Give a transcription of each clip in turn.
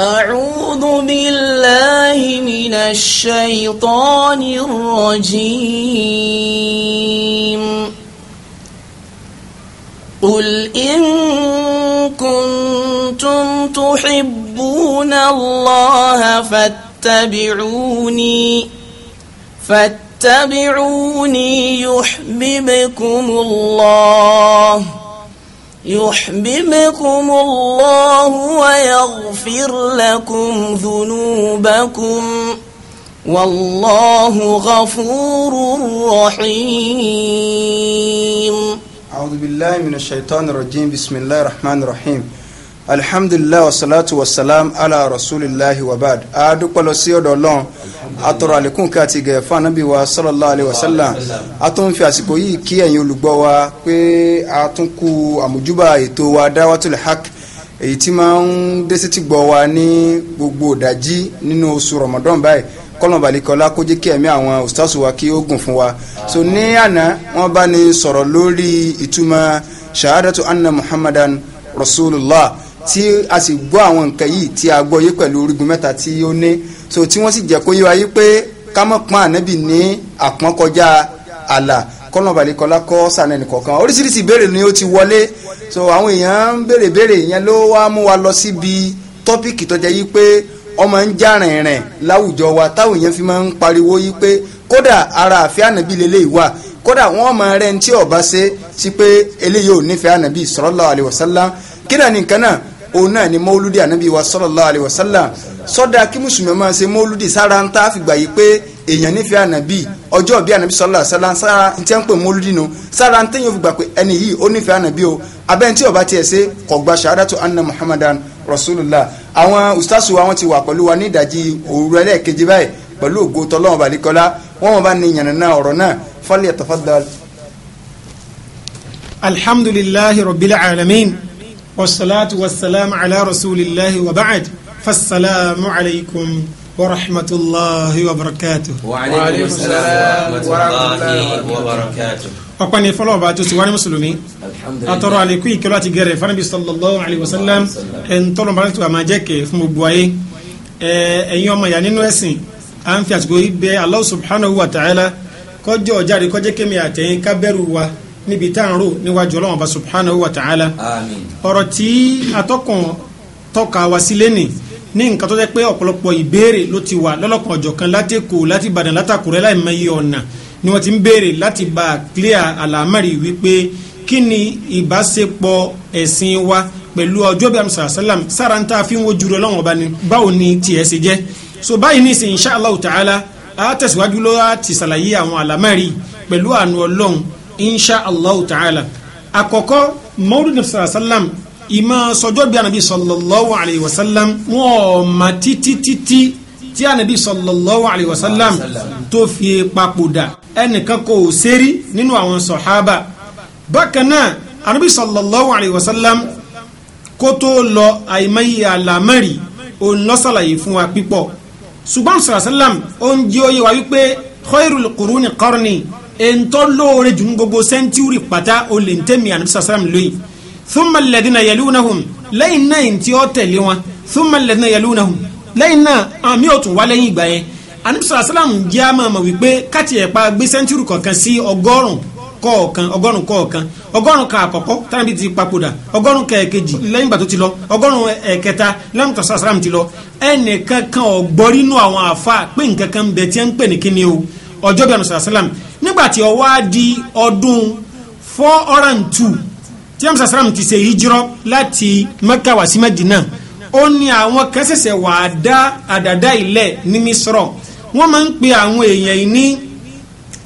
أعوذ بالله من الشيطان الرجيم قل إن كنتم تحبون الله فاتبعوني فاتبعوني يحببكم الله يحببكم الله ويغفر لكم ذنوبكم والله غفور رحيم أعوذ بالله من الشيطان الرجيم بسم الله الرحمن الرحيم alhamdulilayi wasalaatu wasalaam ala rasulillahi wabaad adúpọ̀lọ sí ọ̀dọ̀ ọlọ́run atọ̀rọ̀ àlékún káàtì gẹ̀ fún anábì wa sallallahu alayhi wa sallam a tún fi àsìkò yìí kí ẹ̀yin olùgbọ́ wa pé a tún kú àmójúbà ètò wa dáwàtul haq èyí tí máa ń dé sétí gbọ́ wa ní gbogbo ìdájí nínú oṣù ramadan báyìí kọlọ̀n balikọ́lá kó jẹ́ kí ẹ̀mí àwọn ustaz wa kí ó gùn fún wa so ní àná wọ́n bá ní sọ̀rọ̀ lórí ìtumọ̀ shahadatu anna muhammadan rasulullah tí a sì gbọ́ àwọn nǹkan yìí tí a gbọ́ yé pẹ̀lú orígun mẹ́ta tí ó ní so tí wọ́n sì jẹ́ kó yé wa yí pé ká mọ̀ pọ́n ànábì ní àpọ́n kọjá àlà kọ́nà balẹ̀kọ́lá kọ́ sànà ẹnìkọ̀ọ̀kan oríṣiríṣi ìbéèrè ni ó ti wọlé so àwọn èèyàn ń béèrè béèrè yẹn ló wá mú wa lọ síbi tọ́pìkì tó jẹ́ yí pé ọmọ ń já rìnrìn láwùjọ wa táwọn èèyàn fi máa ń pariwo yí pé kódà ara àfẹ́ ànábì lélẹ́yìí wà kódà wọ́n máa rẹ́ ní tí ọba ṣe sí pé eléyìí ò nífẹ̀ẹ́ ànábì sallallahu alaihi wasallam kí náà nìkan náà òun náà ni mọ́lúdì ànábì wa sallallahu alaihi wasallam sọ́dà kí mùsùlùmí máa ṣe mọ́lúdì sára ń tá fìgbà yìí pé èèyàn nífẹ̀ẹ́ ànábì ọjọ́ bíi ànábì sallallahu alaihi sára ń tẹ́ ń pè mọ́lúdì nu sára ń tẹ́yìn fìgbà pé ẹni yìí ó nífẹ̀ẹ́ ànábì o abẹ́ni tí ó tiẹ̀ ṣe kò gba shahadatu anna muhammadan rasulullah àwọn ustaṣu wa wọn ti wà pẹ̀lú wa ní ìdajì òwúrọ̀ ẹlẹ́ẹ̀kejì báyìí pẹ̀lú ògo tọlọ́wọ́n والصلاة والسلام على رسول الله وبعد فالسلام عليكم ورحمة الله وبركاته وعليكم السلام ورحمة الله وبركاته ọpẹ́ ni fọlọ́ọ̀bá tó ti wá ní mùsùlùmí àtọrọ àlékú ìkẹ́lọ́ àti gẹ̀rẹ̀ fanabi sallallahu alayhi wa sallam ẹ̀ń tọ́lọ̀ bá tó àmà jẹ́kẹ̀ fún gbogbo ayé ẹ̀yin ọmọ ìyá nínú ẹ̀sìn à ń fi àsìkò yìí bẹ Allah subhanahu wa ta'ala kọjọ́ ọ̀jáde kọjẹ́ kémi àtẹ̀yìn kábẹ́rù wa níbi tá à ń rò níwájú ọlọ́run ọba subhanahu wa ta'ala ọ̀rọ̀ tí atọ́kùn tọ́ka wa sí lẹ́nì ní nǹkan tó jẹ́ pé ọ̀pọ̀lọpọ̀ ìbéèrè ló ti wà lọ́lọ́kan ọ̀jọ̀kan láti Èkó láti Ìbàdàn látàkùrẹ́ láì mọ ọ̀nà ni wọ́n ti ń béèrè láti bá a clear àlámọ́rì wípé kí ni ìbáṣepọ̀ ẹ̀sìn wa pẹ̀lú ọjọ́ bí amusa salam sára ń tá fi ń wojú rẹ̀ lọ́wọ́n ọba ni báwo ni tiẹ̀ ṣe jẹ́ so báyìí ní ìsìn insha Allah ta'ala a tẹ̀síwájú lọ́wọ́ ti ṣàlàyé àwọn àlámọ́rì pẹ̀lú àánú Ọlọ́run insha allahu ta'ala àkọ́kọ́ mawudu nabi sallallahu alayhi wa sallam ìmọ̀ sọjọ́ bí anabi sallallahu alayhi wa sallam wọn ò mà títí títí tí anabi sallallahu alayhi wa sallam tó fi papòdà ẹnìkan kò sérí nínú àwọn sọ̀hábà bákan náà anabi sallallahu alayhi wa sallam kó tó lọ àìmọye àlàmẹ́rì òun lọ́sàlàyé fún wa pípọ̀ ṣùgbọ́n sàlàsàlám ó ń jẹ́ òye wa wípé khairul quruni qarni èntọ́ lóore jù gbogbo sẹ́ńtúrì pátá olè ń tẹ̀mí ànàbísà sàrám lóyìn thumma alladhina yalunahum lẹ́yìn náà yìí tí ó tẹ̀lé wọn thumma alladhina yalunahum lẹ́yìn náà àmì òtún wá lẹ́yìn ìgbà yẹn ànàbísà sàrám jẹ́ àmọ́ àmọ́ wípé káàtì ẹ̀pá gbé sẹ́ńtúrì kọ̀ọ̀kan sí ọgọ́rùn kọ̀ọ̀kan ọgọ́rùn kọ̀ọ̀kan ọgọ́rùn kan àkọ́kọ́ tábí ti papòdà ọgọ́rùn kẹ̀kejì lẹ́yìn ìgbà ti lọ ọgọ́rùn ẹ̀kẹta lẹ́yìn tó sàrám ti lọ ẹnìkan kan ọ̀gbọ́rínú àwọn àfa pé nǹkan bẹ̀ tí ń pè ní kíni o ọjọ́ bí ànàbísà nígbàtí ó wá di ọdún four hundred and two tí amsa salam ti ṣe hijrọ láti Mẹ́kà wá sí Mẹ́dínà ó ní àwọn kan ṣẹ̀ṣẹ̀ wà á dá àdàdá ilẹ̀ ní Mísírọ̀ wọ́n máa ń pe àwọn èèyàn yìí ní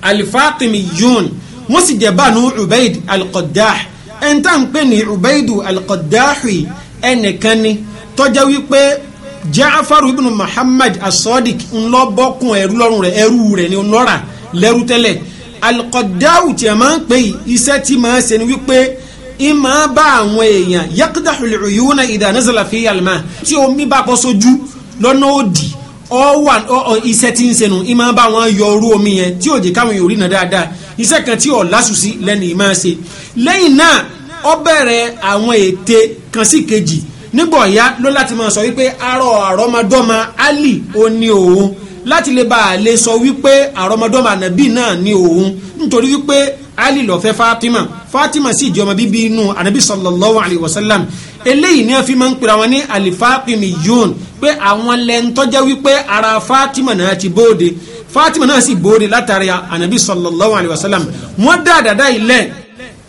alifatimiyun wọ́n sì jẹ́ Banu Ubaid al ẹni tá à ń pè ní Ubaidu al ẹnìkan ni tọ́já wípé Ja'faru ibn Muhammad as-Sadiq ńlọ́bọ́kùn ẹrú lọ́rùn rẹ̀ ẹrú rẹ̀ ni ó lẹ́rú tẹ́lẹ̀ alikọdáwù tí a máa ń pè yìí iṣẹ́ tí máa ń ṣe ni wípé ìmọ̀ bá àwọn èèyàn yàkúdà xulùcù yìí wọn ìdá nazala fi yàlmà tí omi bá kọ́ sójú lọ́nà òdì ọ̀wà iṣẹ́ tí ń ṣe nu ìmọ̀ bá wọn yọ orú omi yẹn tí òjì káwọn yòórí nà dáadáa iṣẹ́ kan tí ò lásùsí lẹ́nu ìmọ̀ ṣe lẹ́yìn náà ó bẹ̀rẹ̀ àwọn ète kan sí kejì nígbọ̀ ya ló láti máa sọ ali ó ní láti lè bá a lè sọ wípé àrọmọdọ́mọ ànábì náà ni òun nítorí wípé ali ló fẹ́ fatima fatima sì jẹ́ ọmọ bíbí inú ànábì sallallahu alayhi wa sallam eléyìí ni wọ́n fi máa ń pèrè àwọn ní alifapimiyun pé àwọn lẹ́ńtọ́jẹ́ wípé ara fatima náà ti bóde fatima náà sì bóde látàrí ànábì sallallahu alayhi wa sallam wọ́n dá àdàdà ilẹ̀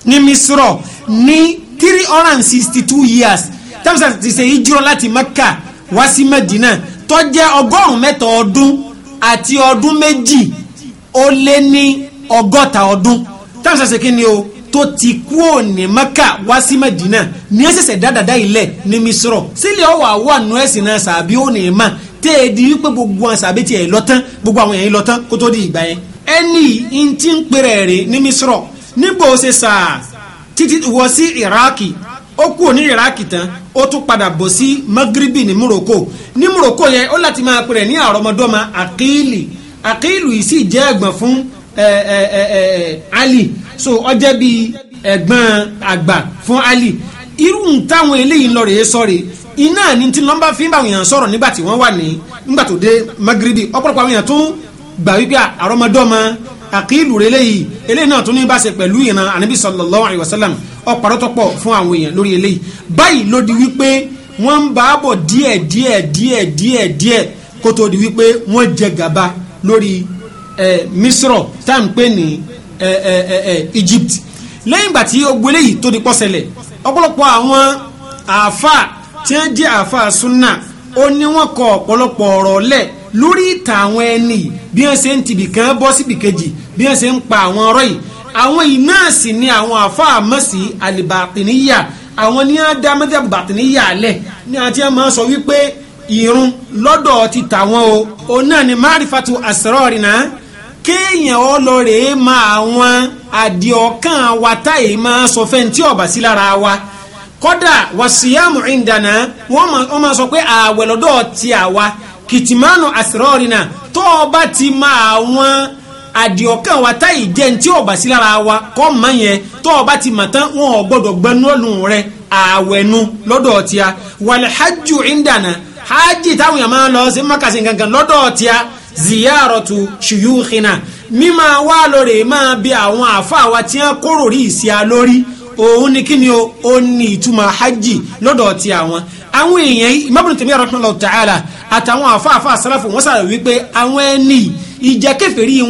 ní misrọ̀ ní three hundred and sixty two years tẹ́lifíṣà ti ṣe ìjírọ̀ láti mẹ́kà wá sí mẹ́dínà tó jẹ́ ọgọ́rùn-ún mẹ́ta ọdún àti ọdún méjì ó lé ní ọgọ́ta ọdún táwọn kí ni o tó ti kú òní maka wá sí Madina ní ẹsẹsẹ dáadáa ilẹ̀ ní misrọ sílẹ̀ ọwọ́ àwọn àánú ẹ̀sìn náà sàbí òní ma téèdì wípé gbogbo àwọn sàbí tiẹ̀ lọ́tán gbogbo àwọn èèyàn lọ́tán kó tó di ìgbà yẹn. ẹni n ti ń pèrè rè ní misrọ níbo ṣe sà títí wọ sí Iraki ó kú òní iraq tán ó tún padà bọ̀ sí magribi ní morocco ní morocco yẹn ó láti máa pèrè ní àrọmọdọ́mọ akílì akílù yìí sì jẹ́ ẹ̀gbọ́n fún ali so ọjẹ́ bíi ẹ̀gbọ́n àgbà fún ali irú táwọn eléyìí lọ rèé sọ̀rọ̀ iná ní tí nọ́mbà fi ń bá àwọn èèyàn sọ̀rọ̀ nígbà tí wọ́n wà ní nígbà tó dé magribi ọ̀pọ̀lọpọ̀ àwọn èèyàn tún gbà wípé àrọmọdọ́mọ àkílù rẹ léyìí eléyìí náà tún ní bá ṣe pẹ̀lú ìran ànábì sallallahu alayhi wa sallam ọ̀pọ̀lọpọ̀ fún àwọn èèyàn lórí eléyìí báyìí ló di wípé wọ́n ń bá a bọ̀ díẹ̀ díẹ̀ díẹ̀ díẹ̀ díẹ̀ kó tó di wípé wọ́n jẹ gàba lórí misro tá à ń pè ní Egypt lẹ́yìn ìgbà tí ogun eléyìí tó di pọ́ ṣẹlẹ̀ ọ̀pọ̀lọpọ̀ àwọn àáfà tí wọ́n jẹ́ àáfà sunna ó ní wọ́n kọ ọ̀pọ̀lọpọ̀ ọ̀rọ̀ lẹ̀ lórí ìtàn àwọn ẹni bí wọ́n ṣe ń tibì kan bọ́ síbì kejì bí wọ́n ṣe ń pa àwọn ọ̀rọ̀ yìí àwọn yìí náà sì ni àwọn àfáàmọ́sí àlìbàtìníyà àwọn ní á dá mẹ́tẹ́bù bàtìníyà lẹ̀ ní àti ẹ̀ máa sọ wípé ìrun lọ́dọ̀ ti tàwọn o òun náà ni márìfàtú àsọ̀rọ̀rìnà kéèyàn ọ lọ rèé ma àwọn àdìọ̀kàn wa táyé máa sọ fẹ́ni tí ọ̀bà sí lára wa kódà wàsíyàmù ìndànà wọ́n máa sọ pé ààwẹ̀ lọ́dọ̀ ti àwa kìtìmánu àsìrọ́ọ̀rìnà tó o bá ti ma àwọn àdìọ̀kàn wa táyì jẹ́ tí o sí lára wa kọ́ mọ̀ yẹn tó o bá ti mà tán wọn ò gbọ́dọ̀ gbẹnu ọ̀nù rẹ àwẹ̀nu lọ́dọ̀ tíya wàlẹ̀ hajj indana hajj táwọn yàrá máa lọ sí makasi gangan lọ́dọ̀ tíya ziyaratu shuyukhina mímá wà lórí máa bí àwọn àfa wa tí wọn rí ìsíá lórí òun ni kí ni o ó ní ìtumọ̀ hajj lọ́dọ̀ ti àwọn àwọn èèyàn ìmọ̀bùnú tèmi rahmanallahu ta'ala àtàwọn àfáàfá sálàfò wọ́n sàrò wípé àwọn ẹni ìjà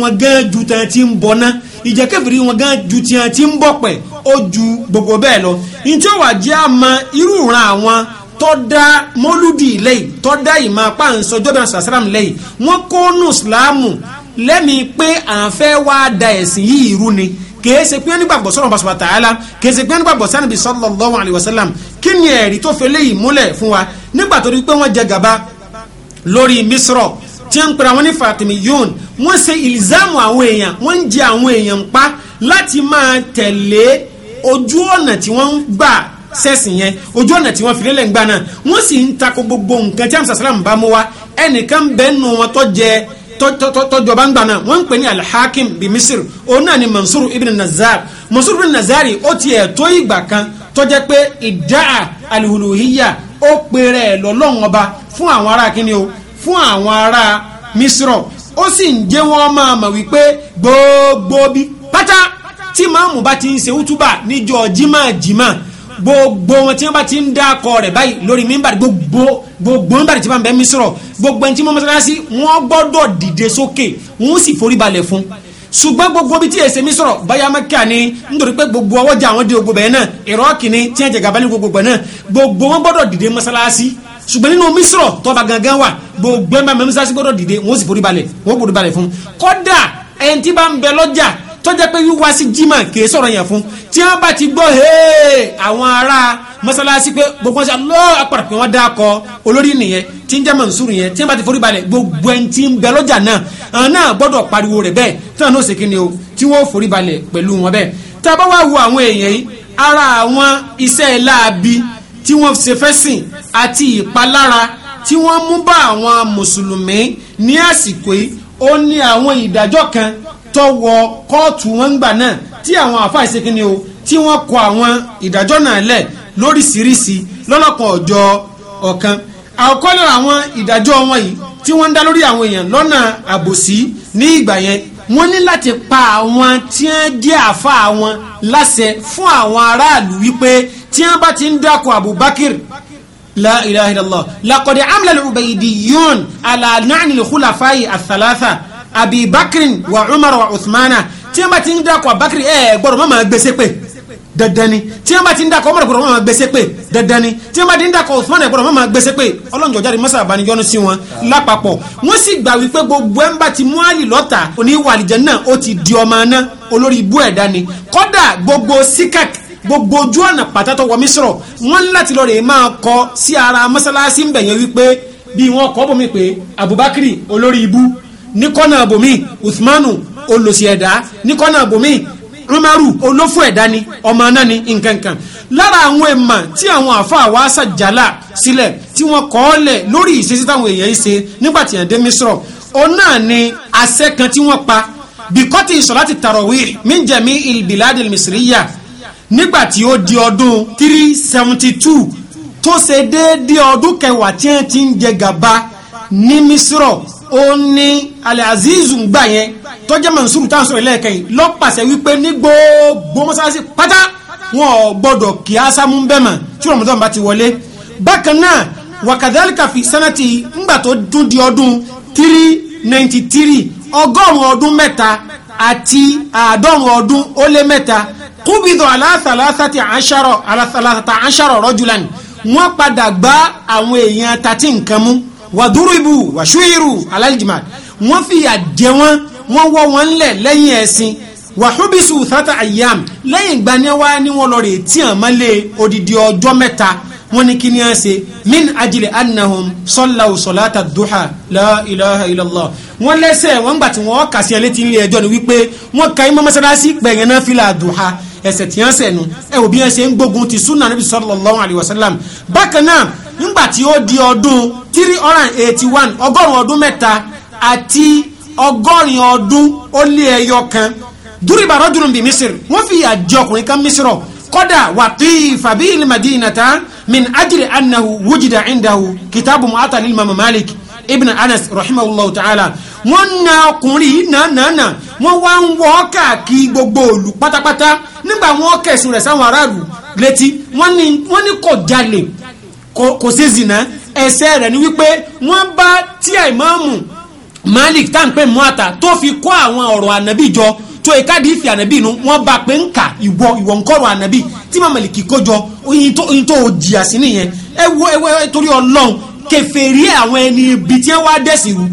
wọn gan ju tán ti ń bọ̀ ná ìjà wọn gan ju tán ti ń bọ̀ pẹ̀ ó ju gbogbo bẹ́ẹ̀ lọ ntí ó jẹ́ àmọ́ irú ìran àwọn tọ́da mọ́lúdì lẹ́yìn tọ́da ìmọ̀ apá nsọjọ́dọ̀ sàsàràm lẹ́yìn wọ́n kó nù sùlámù lẹ́mìí pé à kìí ṣe pé onígbàgbọ́ sọ̀rọ̀ bá sọ̀rọ̀ tààlà kìí ṣe pé onígbàgbọ́ sànàbí sallallahu alaihi wasallam kí ni ẹ̀rí tó fẹ́ léyìí múlẹ̀ fún wa nígbà tó rí pé wọ́n jẹ gàba lórí misrọ̀ tí ń pera wọn ní fatimiyun wọ́n ṣe ìlzámù àwọn èèyàn wọ́n ń jẹ àwọn èèyàn pa láti máa tẹ̀lé ojú ọ̀nà tí wọ́n ń gbà sẹ́sì yẹn ojú ọ̀nà tí wọ́n fi lélẹ̀ ń gbà náà wọ́n sì ń takò gbogbo nǹkan tí àmì sàsálàmù bá mú wa ẹnìkan bẹ́ẹ̀ nù wọn tó jẹ tọjọba ń gbà náà wọ́n ń pè ní alhakim bi misir òun náà ni mansur ibn nazar mansur ibn nazari ó ti ẹ̀ tó ìgbà kan tó jẹ́ pé ìdáà alihuluhiya ó pèrè ẹ̀ lọ́lọ́run ọba fún àwọn ará kíni o fún àwọn ará misrọ̀ ó sì ń jẹ́ wọ́n máa mọ̀ wípé gbogbo bí pátá tí màmú bá ti ń ṣe útúbà níjọ́ jimá jimá gbogbo wọn tí wọn bá ti ń dá akọ rẹ báyìí lórí mímbàdí gbogbo gbogbo mímbàdí tí wọn bẹ mí sọ̀rọ̀ gbogbo ẹni tí wọn mọsálásí wọn gbọ́dọ̀ dìde sókè wọn sì forí balẹ̀ fún ṣùgbọ́n gbogbo bí tí èsè mi sọ̀rọ̀ báyà mẹ́kà ni nítorí pé gbogbo ọwọ́jà àwọn di gbogbo bẹ́ẹ̀ náà ìrọ́ọ̀kì ni tí wọ́n jẹ gàba ní gbogbo bẹ́ẹ̀ náà gbogbo wọn gbọ́dọ̀ dìde mọ́sálásí ṣùgbọ́n nínú mísírọ̀ tọ́ba gangan wà gbogbo ẹ̀ máa mẹ́mísásí gbọ́dọ̀ dìde wọ́n sì forí balẹ̀ wọ́n forí balẹ̀ fún kọ́dà ẹni tí bá ń bẹ lọ́jà tó jẹ́ pé wíwá sí jimá kìí sọ̀rọ̀ yẹn fún tí wọ́n bá ti gbọ́ hee àwọn ará mọ́sálásí pé gbogbo wọn ṣe alọ́ àpàràpẹ̀ wọn dákọ̀ olórí nìyẹn tí ń jẹ́ Mansur yẹn tí wọ́n bá ti forí balẹ̀ gbogbo ẹni tí ń bẹ lọ́jà náà àwọn gbọ́dọ̀ pariwo rẹ̀ bẹ́ẹ̀ tí wọ́n náà ṣe kí ni o tí wọ́n forí balẹ̀ pẹ̀lú wọn bẹ́ẹ̀ tá a bá wá wo àwọn èèyàn yìí ara àwọn iṣẹ́ láabi tí wọ́n ṣe fẹ́ sìn àti ìpalára tí wọ́n mú bá àwọn mùsùlùmí ní àsìkò yìí ó ní àwọn ìdájọ́ kan tọwọ́ kóòtù wọn gbà náà tí àwọn àfáà ìsekínni o tí wọ́n kọ àwọn ìdájọ́ náà lẹ̀ lóríṣiríṣi lọ́lọ́kan ọjọ́ ọ̀kan àkọ́lé àwọn ìdájọ́ wọn yìí tí wọ́n ń dá lórí àwọn èèyàn lọ́nà àbòsí ní ìgbà yẹn wọ́n ní láti pa àwọn tí wọ́n jẹ́ àáfàá wọn láṣẹ fún àwọn aráàlú wípé tí wọ́n bá ti ń dákun Abubakar la ilaha illallah laqad amla al-ubaydiyun ala na'ni al-khulafa'i ath-thalatha abi bakrin wa umar wa uthmana tí wọ́n bá ti ń dákọ̀ abakiri ẹ̀ gbọ́dọ̀ má máa gbèsè pé dandan ni tí wọ́n bá ti ń dákọ̀ umar gbọ́dọ̀ má máa gbèsè pé dandan ni tí wọ́n bá ti ń dákọ̀ uthman gbọ́dọ̀ má máa gbèsè pé ọlọ́njọ́ jáde mọ́sá àbánijọ́nu sí wọn lápapọ̀ wọ́n sì gbà wípé gbogbo ẹ̀ ń bá ti mú àlì lọ́ta òní ìwà náà ó ti di ọmọ náà olórí ibú ẹ̀dá ni kọ́dà gbogbo sikak gbogbo ojú ọ̀nà pàtàkì wọ mísírọ̀ wọ́n láti lọ rè máa kọ sí ara mọ́sálásí ń bẹ̀yẹn wípé bí wọ́n kọ́ bómi pé abubakar olórí ibú ní kọ́nà àbòmí usmanu olùsí ẹ̀dá ní kọ́nà àbòmí umaru olófò ẹ̀dá ni ọmọ náà ni nkankan lára àwọn èèmà tí àwọn àfa wa ṣàjálà sílẹ̀ tí wọ́n kọ́ ọ́ lẹ̀ lórí ìṣesí táwọn èèyàn ń ṣe nígbà tí yẹn dé misrọ̀ òun náà ni àṣẹ kan tí wọ́n pa bíkọ́tì ìṣọ̀láti tarawih min jami ilbilad almisriya nígbà tí ó di ọdún three seventy two tó ṣe déédéé ọdún kẹwàá tí wọ́n ti ń jẹ gàba ní misrọ̀ ó ní alazizu gbà yẹn tọ́jẹ́ mansour tá à ile sọ̀rọ̀ lẹ́ẹ̀kẹ́yìn lọ́pàṣẹ wípé ní gbogbo mọ́sálásí pátá wọn ò gbọ́dọ̀ kí asámú bẹ́ẹ̀ mọ̀ tí ramadan bá ti wọlé bákan náà fi sanati ńgbà tó dún di ọdún three ninety three ọgọ́rùn-ún ọdún mẹ́ta àti àádọ́rùn-ún ọdún ó lé mẹ́ta kúbìdọ̀ aláṣàlásàtì àṣàrọ̀ aláṣàlásàtà àṣàrọ̀ rọ́jùlá wọ́n padà gbá wàdúrìbù wàṣúyìrù alájìmá wọ́n fìyà jẹ wọ́n wọ́n wọ́ wọn lẹ̀ lẹ́yìn ẹ̀sìn wàhúbísù tata ayam lẹ́yìn ìgbà ni wá ní wọn lọ rè tí àn má lé odidi ọjọ́ mẹ́ta wọ́n ní kí ni à ń ṣe min ajili annahum sọláwù sọláta duha la ilaha wọ́n lẹ́sẹ̀ wọ́n gbà wọ́n kà ẹ létí ilé ẹjọ́ ni wípé wọ́n ka imọ́ mọ́sálásí pẹ̀yẹn náà fìlà duha ẹ̀sẹ̀ tí wọ́n sẹ̀ nu ẹ̀ òbí ẹ̀ ń gbógun ti sunna nabi sallallahu alayhi wa sallam bákan náà nígbà tí ó di ọdún three hundred and eighty one ọgọ́rùn-ún ọdún mẹ́ta àti ọgọ́rin ọdún ó lé ẹyọ kan dúrìbà rọ́dúnrún bíi Misiri wọ́n fi àjẹ ọkùnrin kan Misirọ̀ kódà wàtí fàbí ilmadinata min ajiri anahu wujida indahu kitabu mu'ata lil mama malik ibn anas rahimahullahu ta'ala wọ́n na ọkùnrin nànàna wọ́n wá ń wọ́ káàkiri gbogbo òlu pátápátá nígbà wọ́n kẹ̀sùn rẹ̀ sáwọn aráàlú létí wọ́n ní kò jalè kò ṣe zina ẹ̀ṣẹ̀ rẹ̀ ni wípé wọ́n bá tí àìmọ́ọ̀mù Malik tá à ń pè mú àtà tó fi kọ́ àwọn ọ̀rọ̀ ànábì jọ tó ìkádìí ìfì ànábì nu wọ́n bá pé ń kà ìwọ ìwọ ńkọ́rọ̀ ànábì tí Màmálìkì kó jọ oyin tó jìyà sí nìyẹn ẹ wo ẹ wọ torí Ọlọ́run kẹfẹ́rí àwọn ẹni ibi tí wọ́n á dẹ̀sí wù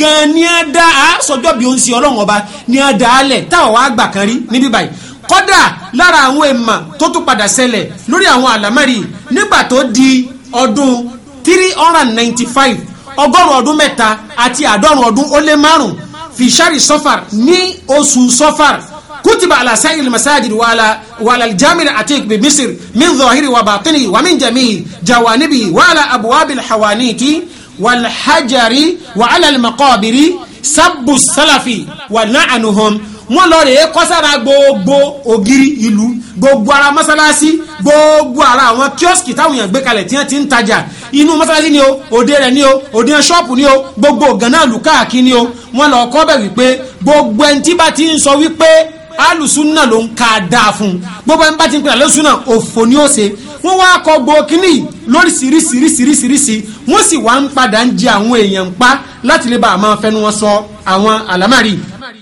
gan ni a da a sọjọ́ bí ó ń ṣe ọlọ́run ọba ni a da alẹ̀ táwọn wàá gbà kan rí níbí báyìí kọ́dà lára àwọn èèmà tó tún padà ṣẹlẹ̀ lórí àwọn àlámẹ́rì nígbà tó di ọdún three hundred and ninety five ọgọ́rùn ọdún mẹ́ta àti àádọ́rùn ọdún ó lé márùn fìṣàrì sọfàr ní oṣù sọfàr kutiba ala sa'il masajid wala wala aljamil atiq bi misr min zahiri wa batini wa min jami'i jawanibi wala abwab alhawaniti wal hajari wa ala almaqabiri sabbu salafi wa la'anuhum wọ́n lọ rèé kọsára gbogbo ògiri ìlú gbogbo ara mọ́sálásí gbogbo ara àwọn kíọ́sìkì táwọn èèyàn gbé kalẹ̀ tí wọ́n ti ń tajà inú mọ́sálásí ni o òde rẹ̀ ni o òde ṣọ́ọ̀pù ni o gbogbo gànáà lù káàkiri ni o wọ́n lọ kọ́ bẹ̀ wípé gbogbo ẹni tí bá ti ń sọ wípé alùsùnà ló ń ka dáa fún un gbogbo ẹni bá ti ń pè alùsùnà òfò ni ó ṣe wọ́n wá kọ gbòókínì lóríṣiríṣiríṣiríṣi wọ́n sì wá ń padà ń jẹ àwọn èèyàn pa láti lè bá a máa wọn sọ àwọn àlámàrí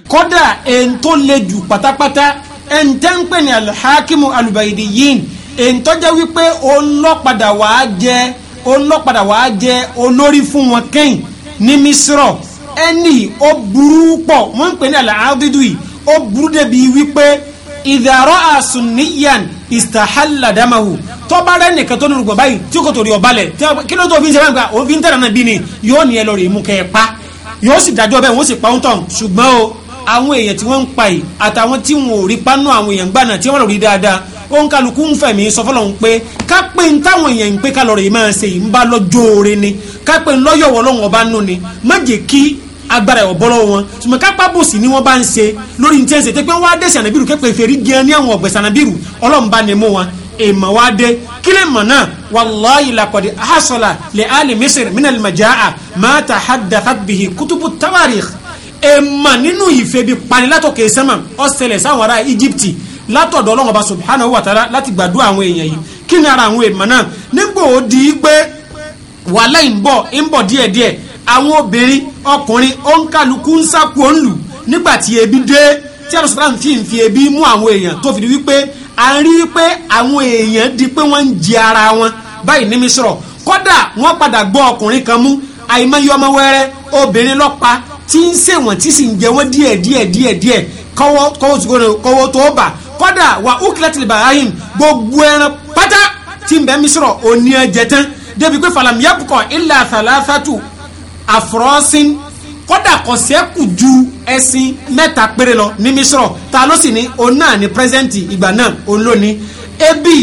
kódà ẹni tó le jù pátápátá ẹni tẹ́ ń pè ní alhakimu alubayidi yìí èntọ́jẹ́ wípé olópadà wàá jẹ olópadà wàá jẹ olórí fún wọn kẹ́yìn ní misrọ ẹni ó burú pọ̀ wọ́n ń pè ní àlàáfíìdù yìí ó burú débi wípé ìdàrọ́ àsùnníyàn ìsàhálàdámàwò tọ́ba rẹ̀ nìkan tó nírúgbọ̀n báyìí tí kò torí ọba lẹ̀ kí ló tó fi ń ṣe báyìí gba òfin tẹ̀rẹ̀ náà bí ni yóò ní ẹ lọ rè é mú kẹ́ ẹ pa yóò sì dájọ́ bẹ́ẹ̀ wọ́n sì pa òun tán ṣùgbọ́n o àwọn èèyàn tí wọ́n ń pa yìí àtàwọn tí wọn ò rí pánú àwọn èèyàn gbà tí wọ́n lọ rí dáadáa ó ń kálukú ń fẹ̀mí sọ fọlọ́n pé ká pé ń táwọn èèyàn ń pé ká lọ́ọ́ rè máa ṣe ń bá lọ́jọ́ oore ni ká pé ń lọ́yọ̀wọ́ lọ́wọ́ bá nù ni má jẹ́ kí agbára ẹ̀ ọ̀bọ lọ́wọ́ wọn ṣùgbọ́n kápá bòsì ni wọ́n bá ń ṣe lórí ní tẹ́sẹ̀ tẹ́pẹ́ wọ́n á dẹ̀sẹ̀ ànábìrù fèrè gan ní àwọn ọ̀gbẹ̀sẹ̀ ànábìrù ọlọ́run bá ní látọ̀dọ̀ ọlọ́run ọba subhanahu wa ta'ala láti gbàdúrà àwọn èèyàn yìí kí ni ara àwọn èèmọ̀ náà nígbò ó di pé wàhálà ń bọ̀ ń bọ̀ díẹ̀díẹ̀ àwọn obìnrin ọkùnrin òǹkàlùkù ń sáku òǹlù nígbà tí ebi dé tí àrùn sọ́dá ti ń fi ebi mú àwọn èèyàn tó fi di wípé a rí pé àwọn èèyàn di pé wọ́n ń jẹ ara wọn báyìí ní mísírọ̀ kódà wọ́n padà gbọ́ ọkùnrin kan mú àìmọye ọmọ obìnrin lọ́pa tí ń ṣèwọ̀n tí sì ń jẹ wọ́n díẹ̀ díẹ̀ díẹ̀ kọ́wọ́ tó bà kọ́dà wà ukilatil bahayim gbogbo ẹran pátá tí ń bẹ misrọ̀ òní ẹ̀jẹ̀ tán débi pé falam yabukọ ilà thalathatu afrọ́sìn kọ́dà kò ṣẹ́kù ju ẹṣin mẹ́ta péré lọ ní misrọ̀ ta ló sì ní òun náà ní pẹ́sẹ́ǹtì ìgbà náà òun ló ní ebi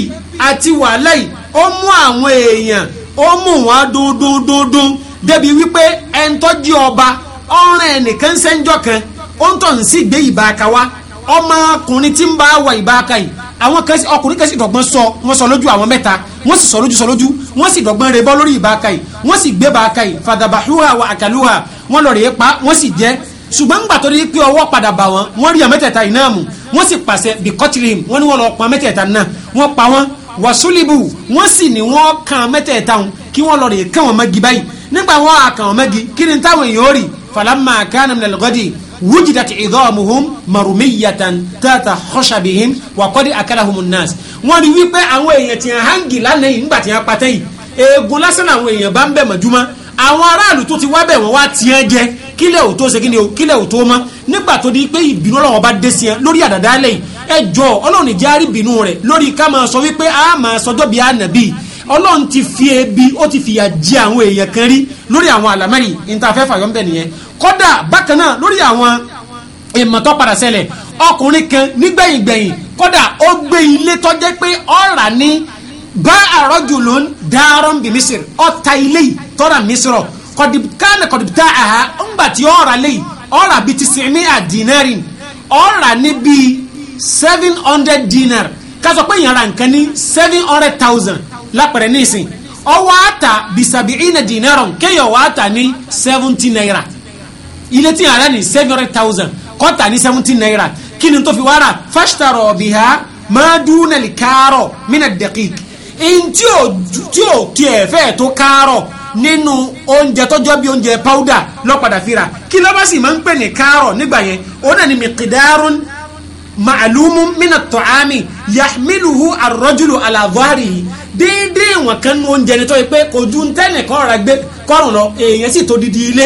àti wàhálà yìí ó mú àwọn èèyàn ó mú wọn dúndúndúndún débi wípé ẹnitọ́jú ọba ọ̀ràn ẹnìkan ṣẹ́ńjọ́ kan ó ń tọ̀ ń sì gbé ìbá ka wá ọmọkùnrin tí ń bá wa ìbáka yìí àwọn kan ọkùnrin kan sì dọ̀gbọ́n sọ wọ́n sọ lójú àwọn mẹ́ta wọ́n sì sọ lójú sọ lójú wọ́n sì dọ̀gbọ́n rẹ̀ bọ́ lórí ìbáka yìí wọ́n sì gbé báka yìí fadabahuha wa akaluha wọ́n lọ rèé pa wọ́n sì jẹ́ ṣùgbọ́n ńgbà tó di pé ọwọ́ padà bà wọ́n wọ́n rí àwọn mẹ́tẹ̀ẹ̀ta yìí náà mú wọ́n sì pàṣẹ bìkọ́tìrìm wọ́n ní wọ́n lọ pa mẹ́tẹ̀ẹ̀ta náà wọ́n pa wọ́n wàsúlìbù wọ́n sì ní wọ́n kan mẹ́tẹ̀ẹ̀ta wọn kí wọ́n lọ rèé kàn wọ́n báyìí nígbà wọ́n àkàn wọ́n kí ni táwọn èèyàn ó rì fàlámà kánà lẹ́lẹ́gọ́dì wujidat idamuhum marumiyatan tata khashabihim wa qad akalahum nas wọ́n ní wípé àwọn èèyàn tí hangi lana yìí ńgbà tí an pate yìí egun lásán àwọn èèyàn bá ńbẹ mọ́júmọ́ àwọn aráàlú tó ti wá bẹ̀ wọ́n wá tiẹ́ jẹ kílẹ̀ ò tó ṣe kíni o kílẹ̀ ò tó mọ́ nígbà tó di pé ìbínú ọlọ́wọ́n bá dé sí ẹ lórí àdàdà lẹ́yìn ẹ jọ ọlọ́run ìjà rí ìbínú rẹ̀ lórí ká máa sọ wípé a máa sọjọ́ bíi ànàbí ọlọ́run ti fi ebi ó ti fìyà jẹ àwọn èèyàn kan rí lórí àwọn àlámẹ́rì ìntàfẹ́ fàyọ́mbẹ̀ nìyẹn kọ́dà bákan náà lórí àwọn ìmọ̀tọ́ padà ṣẹlẹ̀ ọkùnrin kan nígbẹ̀yìngbẹ̀yìn kọ́dà ó gbé ilé tó jẹ́ pé ọ̀rà ní bá àrọ́jù ló ń dárọ́ bí mísìrì ọ̀ta ilé yìí tọ́ra mísìrọ̀ kọ́dìbùtánà kọ́dìbùtá àhá ńgbà tí ọ̀rà lé yìí ọ̀rà bíi ti sinmi àdínárì ọ̀rà ní bíi seven hundred dinar ká sọ pé ìyàrá nǹkan ní seven hundred thousand lápẹ̀rẹ̀ ní ìsìn ọwọ́ àtà bisabi ina dinaron kéèyàn wà àtà ní seventy naira ilé tí yàrá ní seven hundred thousand kọ́tà ní seventy naira kí ni tó fi wá rà fásitàrọ̀ bìhá máa dúnà lè káàrọ̀ mina dẹ̀kík in tí o tí o tiẹ̀ fẹ́ tó káàrọ̀ nínú oúnjẹ tọ́jọ́ bí oúnjẹ pàwùdà lọ́padà fira kí ló bá máa ń pè ní káàrọ̀ nígbà yẹn ó nà ní mikidarun ma'alumu mina tọ́ámi yahmiluhu arrojulu ala déédéé ìwọ̀n kan nu oúnjẹ ni tó yẹ pé kò ju ntẹ́nì kan ra gbé kọ́rùn lọ èèyàn sì tó didi ilé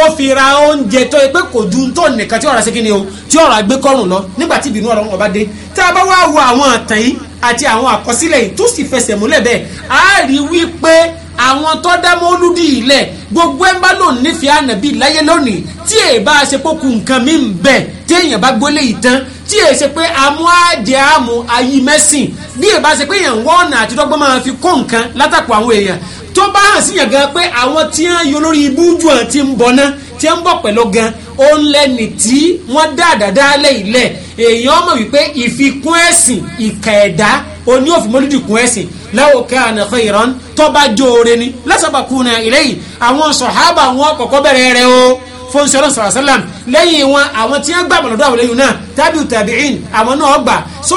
ó fi ra oúnjẹ tó yẹ pé kò ju tó nìkan tí ọ̀rá sékìní o tí ọ̀rá gbé kọ́rùn lọ nígbà tí ìbínú ọ̀rọ̀ ọba dé tá a bá wá wo àwọn àtàn yìí àti àwọn àkọsílẹ̀ yìí tó sì fẹsẹ̀ múlẹ̀ bẹ́ẹ̀ á rí wípé àwọn tó dá mọ́lúdì ilẹ̀ gbogbo ẹ̀ ń bá lòun nífẹ̀ẹ́ ànàbí láyé lónìí tí èèbá ṣepọ̀ tí èyí ṣe pé àmú àjẹ àmú ayé mẹ́sìn bí èyí bá ṣe pé èèyàn wọ́n ọ̀nà àti dọ́gbọ́n máa fi kó nǹkan látàkùn àwọn èèyàn tó bá hàn síyàn gan pé àwọn tí wọ́n yọ lórí ibú jù hàn ti ń bọ̀ ná tí wọ́n ń bọ̀ pẹ̀lú gan ó ń lẹ́ni tí wọ́n dáadáa lẹ́yìnlẹ̀ èèyàn mọ̀ wípé ìfikún ẹ̀sìn ìkà ẹ̀dá oní òfin mọ́lídì kún ẹ̀sìn lẹ́wọ̀ kẹ́ àná khairan tó bá jóore ni lẹ́sàbàkúnà o fún sọlọ sàlàsàlàm lẹ́yìn wọn àwọn tí wọ́n gbà bọ̀lọ́dọ̀ àwọn lẹ́yìn náà tábìù tàbíìn àwọn náà gbà so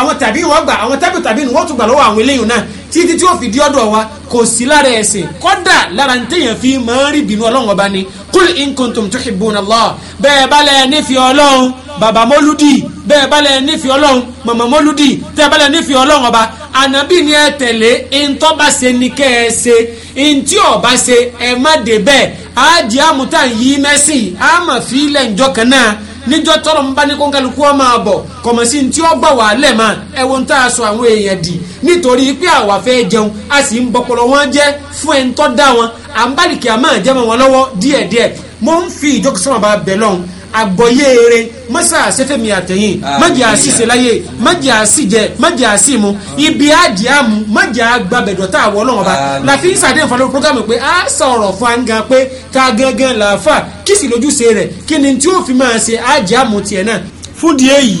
àwọn tàbí wọ́n gbà àwọn tábìù tàbíìn wọ́n tún gbà lọ́wọ́ àwọn lẹ́yìn náà títí tí ó fi di ọ̀dọ̀ wa kò sí lára ẹ̀sìn kódà lára ń tẹ̀yàn fi máa rí bínú ọlọ́run ọba ni kul in kuntum tuhibbuna Allah bẹ́ẹ̀ bá lẹ̀ nífẹ̀ẹ́ ọlọ́run bàbá mọ́lúdì bẹ́ẹ̀ bá lẹ̀ nífẹ̀ẹ́ ọlọ́run màmá mọ́lúdì tẹ́ẹ̀ bá lẹ̀ nífẹ̀ẹ́ ọba ànábì ni ẹ tẹ̀lé ntọ́ba ṣe ni kẹ́ ẹ ṣe ntí ọba ṣe ẹ má dé bẹ́ẹ̀ á di àmúta yìí mẹ́sì á mà fi ilẹ̀ ǹjọ́ kan náà níjọ́ tọrọ ń bá ní kọ́ńkálukú ọmọ àbọ̀ kọ̀mọ̀ sí ntí ọgbà wà lẹ́ẹ̀ma ẹ wo ń tá a sọ àwọn èèyàn dì nítorí pé àwa fẹ́ jẹun a sì ń bọpọlọ wọn jẹ fún ẹni tó dá wọn à ń bá lìkì àmọ́ àjẹmọ́ wọn lọ́wọ́ díẹ̀díẹ̀ mo ń fi ìjókòó bẹ̀ lọ́hùn àgbọ̀yé eré mọ́sá àṣẹfẹ́mi àtẹ̀yìn mọ́jà àṣìṣe láyé mọ́jà àṣìjẹ mọ́jà àṣìmu ibi àjì àmú mọ́jà àgbàbẹ̀dọ̀ tá àwọn ọlọ́wọ́n bá la programu pé a sọ̀rọ̀ fún angan pé ká gangan làáfà kí sì lójúṣe rẹ̀ kí ni tí ó fi máa ṣe àjì àmú tiẹ̀ náà. fúdi èyí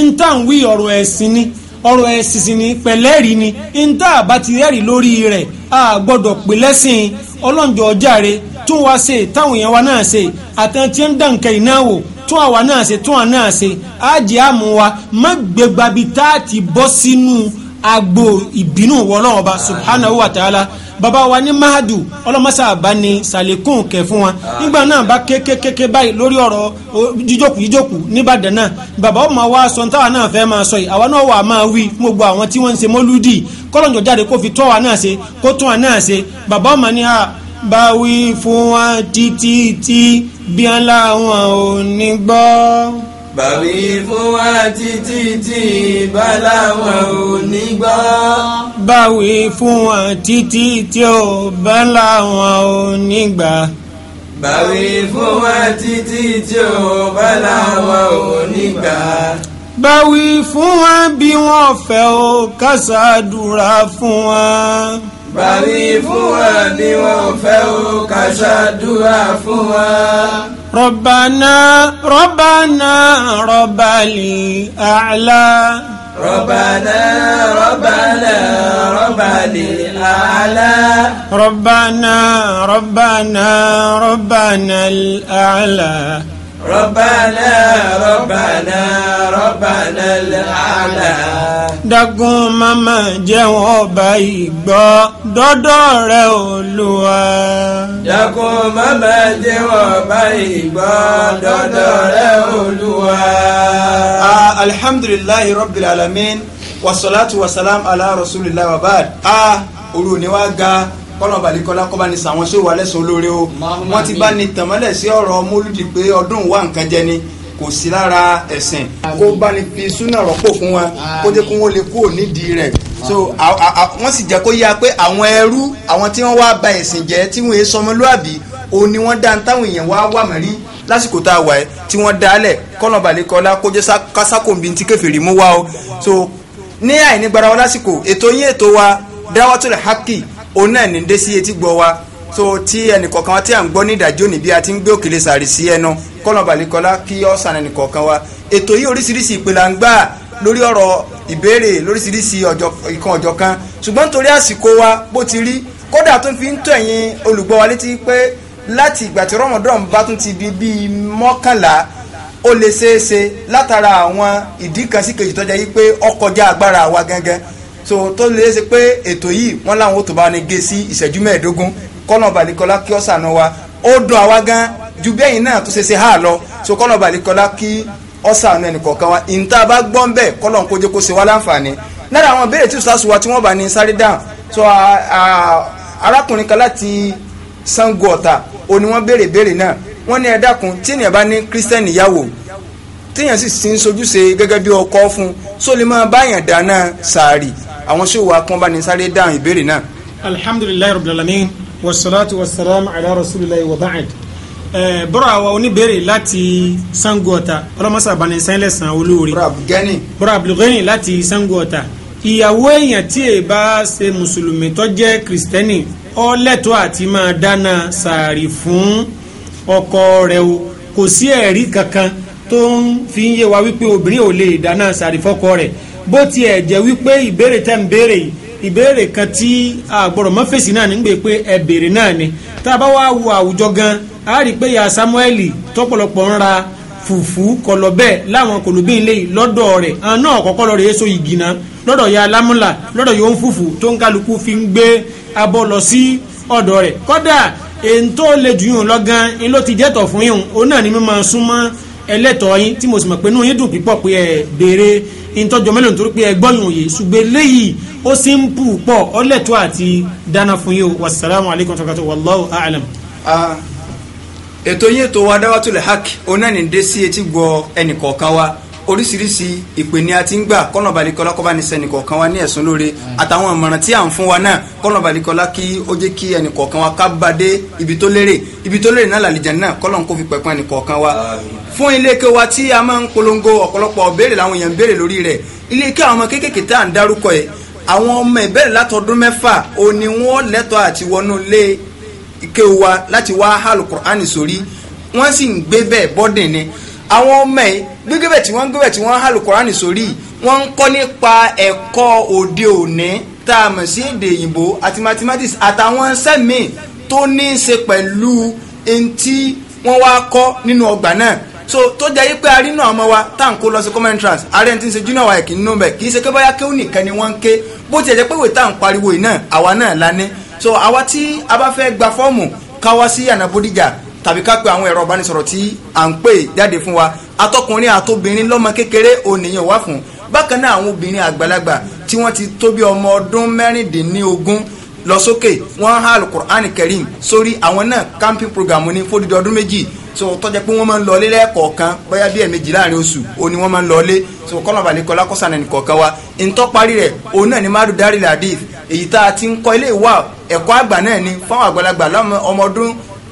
ń wí ọ̀rọ̀ ẹ̀sìn ni ọ̀rọ̀ ẹ̀sìn sì ni pẹ̀lẹ́rì ni ń bá ti rẹ́rì lórí rẹ̀ a gbọ́dọ̀ pè lẹ́sìn ọlọ́njọ́ ọjàre tún wa ṣe táwọn èèyàn wa náà ṣe àtàn tí ń dàn kẹ́yìn náà wò tún àwa náà ṣe tún àwa náà àjẹ́ àmú wa má gbégbá bi tá a ti bọ́ sínú agbo ìbínú wọlọ́wọ́ ba subhanahu wa ta'ala baba wa ní mahadu ọlọmọsá àbáni sàlékún kẹ fún wa nígbà náà bá kékékéké báyìí lórí ọ̀rọ̀ jíjókù jíjókù nìbàdàn náà baba ọmọ wa sọ táwa náà fẹ́ máa sọ yìí àwa náà wà máa wí fún gbogbo àwọn tí wọ́n ń ṣe mọ́lúdì kọ́lọ́njọ́ jáde kó fi tọ́ wa náà ṣe kó tún wa náà ṣe baba ọmọ ní ha bá wí fún wa títí tí bí aláwọn ò ní gbọ́. bá wí fún wa títí tí bá aláwọn ò ní gbọ́. bá wí fún wa títí tí ò bá aláwọn ò ní gbà báwí fún wa títí tí ò bá làwọn ò ní gbà. báwí fún wa bí wọ́n fẹ́ o kásádùúrà fún wa bàrí fún wa bí wọ́n fẹ́ o ká fún wa. rọ̀bànà rọ̀bànà rọ̀bàlì àlá. ربنا ربنا ربنا الأعلى ربنا ربنا ربنا الأعلى ربنا ربنا ربنا الأعلى dákun mama jẹ́wọ́ báyìí gbọ́ dọ́dọ̀ rẹ Olúwa. dákun mama jẹ́wọ́ báyìí gbọ́ dọ́dọ̀ rẹ Olúwa. alhamdulilayi rabbil alamin wasalaatu wasalaam ala rasulillah wa baad a olùwòníwá ga kọ́lọ́n balikọ́lá kọ́ba ní sàwọn ṣé wà lẹ́sùn olóore o wọ́n ti bá ní tẹ̀mọ́lẹ̀ sí ọ̀rọ̀ mólúdi pé ọdún wà nǹkan jẹ ni kò sí lára ẹ̀sìn kó bá ní fi súnà rọ́pò fún wọn kó jẹ́ kó wọ́n lè kúrò nídìí rẹ̀ so wọ́n sì jẹ́ kó yá pé àwọn ẹrú àwọn tí wọ́n wá ba ẹ̀sìn jẹ́ tí wọ́n yé sọmọlúàbí òun ni wọ́n dá ń táwọn èèyàn wá wà mẹ́rí lásìkò tá a wà ẹ́ tí wọ́n dá lẹ̀ kọ́nà balẹ̀kọ́lá kó jẹ́ kásákòmbi tí kẹfìrí mú wá o so ní àìnígbára wọn lásìkò ètò yín ètò wa dáwọ́tò lè hákì òun náà ní dé etí gbọ́ wa so tí ẹnìkọ̀ọ̀kan wa tí à ń gbọ́ ní ìdájọ́ níbi a ti ń gbé òkèlè sàrì sí ẹnu kọ́nà balẹ̀kọ́lá kí ọ̀sán ẹnìkọ̀ọ̀kan wa ètò yìí oríṣiríṣi ìpìlà ń gbà lórí ọ̀rọ̀ ìbéèrè lóríṣiríṣi ìkan ọ̀jọ̀ kan ṣùgbọ́n nítorí àsìkò wa bó ti rí kódà tó fi ń tọ́ ẹ̀yin olùgbọ́ wa létí pé láti ìgbà tí rọmọdọ́n bá tún ti di bíi mọ́kànlá ó lè ṣeé látara àwọn ìdí kan sí kejì tó jẹ́ pé ó agbára wa gangan so tó lè ṣe pé ètò yìí wọ́n láwọn tó bá ní gé sí ìṣẹ́jú mẹ́ẹ̀ẹ́dógún kọ́nà balikọ́lá kí ó wa ó dùn àwa gan ju bẹ́yìn náà tó ṣe ṣe háà lọ so kọ́nà balikọ́lá kí ó ṣàánú ẹnì wa ìta bá gbọ́n bẹ́ẹ̀ kọ́nà kó kó ṣe wá láǹfààní lára àwọn ìbéèrè tí ìṣàṣù wa tí wọ́n bá ní sáré dáhùn so arákùnrin kan láti Ṣàngó Ọ̀tà òní wọ́n béèrè béèrè náà wọ́n ní tí ènìyàn bá ní ìyàwó sì ti ń sojúṣe gẹ́gẹ́ bí ọkọ fún so lè máa dáná sàárì àwọn ṣòwò akọ́nbánisáré dáhùn ìbéèrè náà. alhamdulilayi rabbil alamin wasalaatu wasalaam ala rasulilayi wa ba'd ẹ bọ́rọ̀ àwa oníbèrè láti sangoota ọlọ́mọṣà bani sẹ́lẹ̀ san olóore. bọ́rọ̀ abdulgani. bọ́rọ̀ abdulgani láti sangoota. ìyàwó èèyàn tí èè bá ṣe mùsùlùmí tó jẹ́ kìrìsìtẹ́nì ó lẹ́tọ̀ọ́ àti máa dáná sàárì fún ọkọ rẹ̀ o kò sí ẹ̀rí kankan tó ń fi yé wa wípé obìnrin ò lè dáná sàárì fọ́kọ rẹ̀ bó tiẹ̀ jẹ́ wípé ìbéèrè tẹ́ ń béèrè yìí ìbéèrè kan tí àgbọ̀rọ̀ mọ́fèsì náà nígbè pé ẹ béèrè náà ni tá a bá wá wo àwùjọ gan a pé ya Samuel tọ́pọ̀lọpọ̀ ń ra fùfú kọlọ bẹ́ẹ̀ láwọn kòlóbí ilé yìí lọ́dọ̀ àwọn náà lọ ya lámúlà lọ́dọ̀ yóò ń fùfú tó ń kálukú fi ń gbé lọ sí ẹlẹ́tọ̀ọ́ yín tí mo sì mọ̀ pé inú yín dùn pípọ̀ pé ẹ béèrè ìtọ́jọ mélòó nítorí pé ẹ gbọ́yìn òye ṣùgbọ́n eléyìí ó sì ń pù pọ̀ ọlẹ́tọ̀ àti dáná fún yín o wasalaamu alaykum wa rahmatulahi wallahu a'lam. ètò yín ètò wa dáwàtúlẹ̀ hak onáni dé sí etí gbọ́ ẹnì kọ̀ọ̀kan wa oríṣiríṣi ìpè ni a ti ń gbà kọ́nà balikọ́lá kọ́ba ní sẹ́ni kọ̀ọ̀kan wa ní ẹ̀sùn lóore àtàwọn ìmọ̀ràn tí à ń fún wa náà kọ́nà balikọ́lá kí ó jẹ́ kí ẹnì kọ̀ọ̀kan wa ká bá dé ibi tó lérè ibi tó lérè náà làlìjà náà kọ́lọ́n kó fi pẹ̀pẹ́ ẹnì kọ̀ọ̀kan wa. fún ilé ike wa tí a máa ń polongo ọ̀pọ̀lọpọ̀ béèrè làwọn èèyàn béèrè lórí rẹ̀ ilé ike àwọn ọmọ kéékèèké tá à ń dárúkọ wa láti wá hàlùkùránì sórí àwọn ọmọ ẹ̀ gbígbẹ́ tí wọ́n ń gbígbẹ́ tí wọ́n ń hàlù kọ́ránì sórí wọ́n ń kọ́ nípa ẹ̀kọ́ òde òní tá a mọ̀ sí èdè òyìnbó àti mathematics àtàwọn sẹ́mi tó ní í ṣe pẹ̀lú eŋti wọ́n wá kọ́ nínú ọgbà náà so tó jẹ́ yí pé arínú àwọn ọmọ wa tá à ń kó lọ sí common trans ààrẹ ti ń ṣe junior wáyé kì í nínú bẹ̀ kì í ṣe pé bóyá kéwù nìkan ni wọ́n ń ké bó ti jẹ́ pé wèé tá à ń pariwo yìí náà àwa náà la ní so àwa tí a bá fẹ́ gba fọ́ọ̀mù káwá sí àná tàbí ká pe àwọn ẹ̀rọ ìbánisọ̀rọ̀ tí à ń pè jáde fún wa atọkùnrin àtobìnrin lọ́mọ kékeré ònìyàn wá fún bákan náà àwọn obìnrin àgbàlagbà tí wọ́n ti tó bí ọmọ ọdún mẹ́rìndínlógún lọ sókè wọ́n há alukur'an karim sórí àwọn náà camping program ní fódìdí ọdún méjì so tọ́jà pé wọ́n máa ń lọ ilé lẹ́ẹ̀kọ̀ọ̀kan bóyá bí ẹ̀ẹ̀mejì láàrin oṣù òní wọ́n máa ń lọ ilé so kọ́lọ́ba ní kọ́lá ẹnì kọ̀ọ̀kan wa ntọ́ parí rẹ̀ òun náà ni madu dari ladif èyí tá a ti ń kọ́ ilé ìwà ẹ̀kọ́ àgbà náà ni fáwọn àgbàlagbà lọ́mọ ọmọ ọdún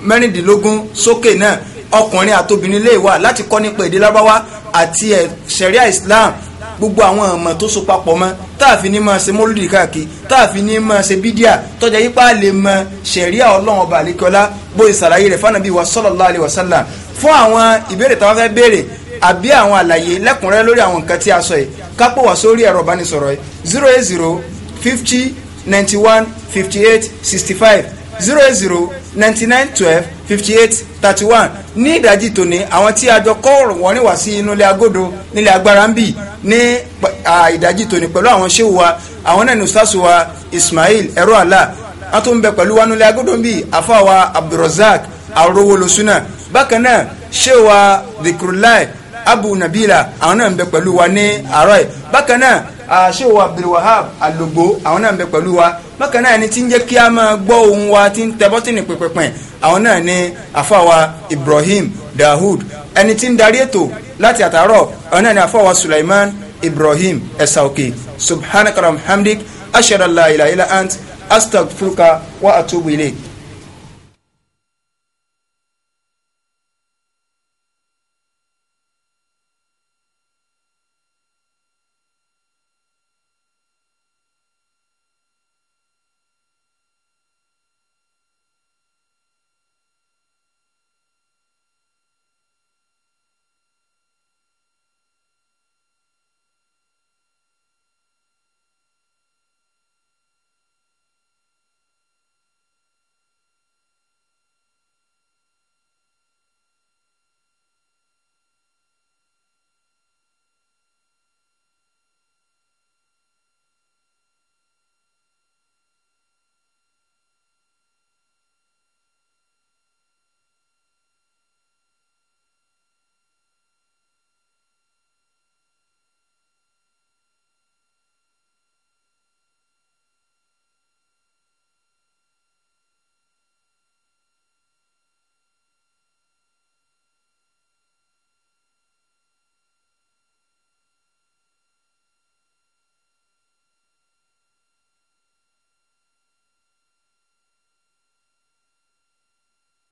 mẹ́rìndínlógún sókè náà ọkùnrin àtobìnrin lè wà láti kọ́ nípa èdè lábáwá àti ṣẹ̀ríà islam gbogbo àwọn ọmọ tó so papọ̀ mọ́ táàfin ní máa ṣe mọ́lúdì káàkiri táàfin ní máa ṣe bídíà tọ́jà yípa lè mọ ṣẹ̀ríà ọlọ́run ọba àlekọ́lá bó ìsàlàyé rẹ̀ fánàbí wa sallallahu alaihi wasallam fún àwọn ìbéèrè táwọn fẹ́ béèrè àbí àwọn àlàyé lẹ́kùnrẹ́rẹ́ lórí àwọn nǹkan tí a sọ yìí kápò wá sórí ẹ̀rọ ìbánisọ̀rọ̀ yìí zero eight zero fifty ninety one fifty eight sixty five zero eight zero ninety nine twelve fifty eight thirty one ní ìdajì tòní àwọn tí a jọ kọ́ ọ̀rọ̀ wọ́n rìn wá sí inú ilé agodo nílé agbára ń bì ní ìdajì tòní pẹ̀lú àwọn ṣéwù wa àwọn náà ní ustaṣu wa Ismail ẹ̀rọ àlà wọ́n tún ń bẹ pẹ̀lú wa nílé agodo ń bì àfa wa Abdulrozak arowolosuna bákan náà ṣéwù wa Dhikrullah Abu Nabila àwọn náà ń bẹ pẹ̀lú wa ní àárọ̀ yìí bákan náà àṣewò abdulwahab alogbo àwọn náà ń bẹ pẹ̀lú wa bákan náà ni tí ń jẹ́ kí a máa gbọ́ ohun wa tí ń tẹ bọ́tìnì pẹ̀pẹ̀pẹ̀ àwọn náà ni àfàwà ibrahim dahud ẹni tí ń darí ètò láti àtàárọ̀ àwọn náà ni àfàwà sulaiman ibrahim ẹ̀sàòkè subhanakaram hamdik ashadala ilaha illa ant astagfuruka wa atubu ilayk.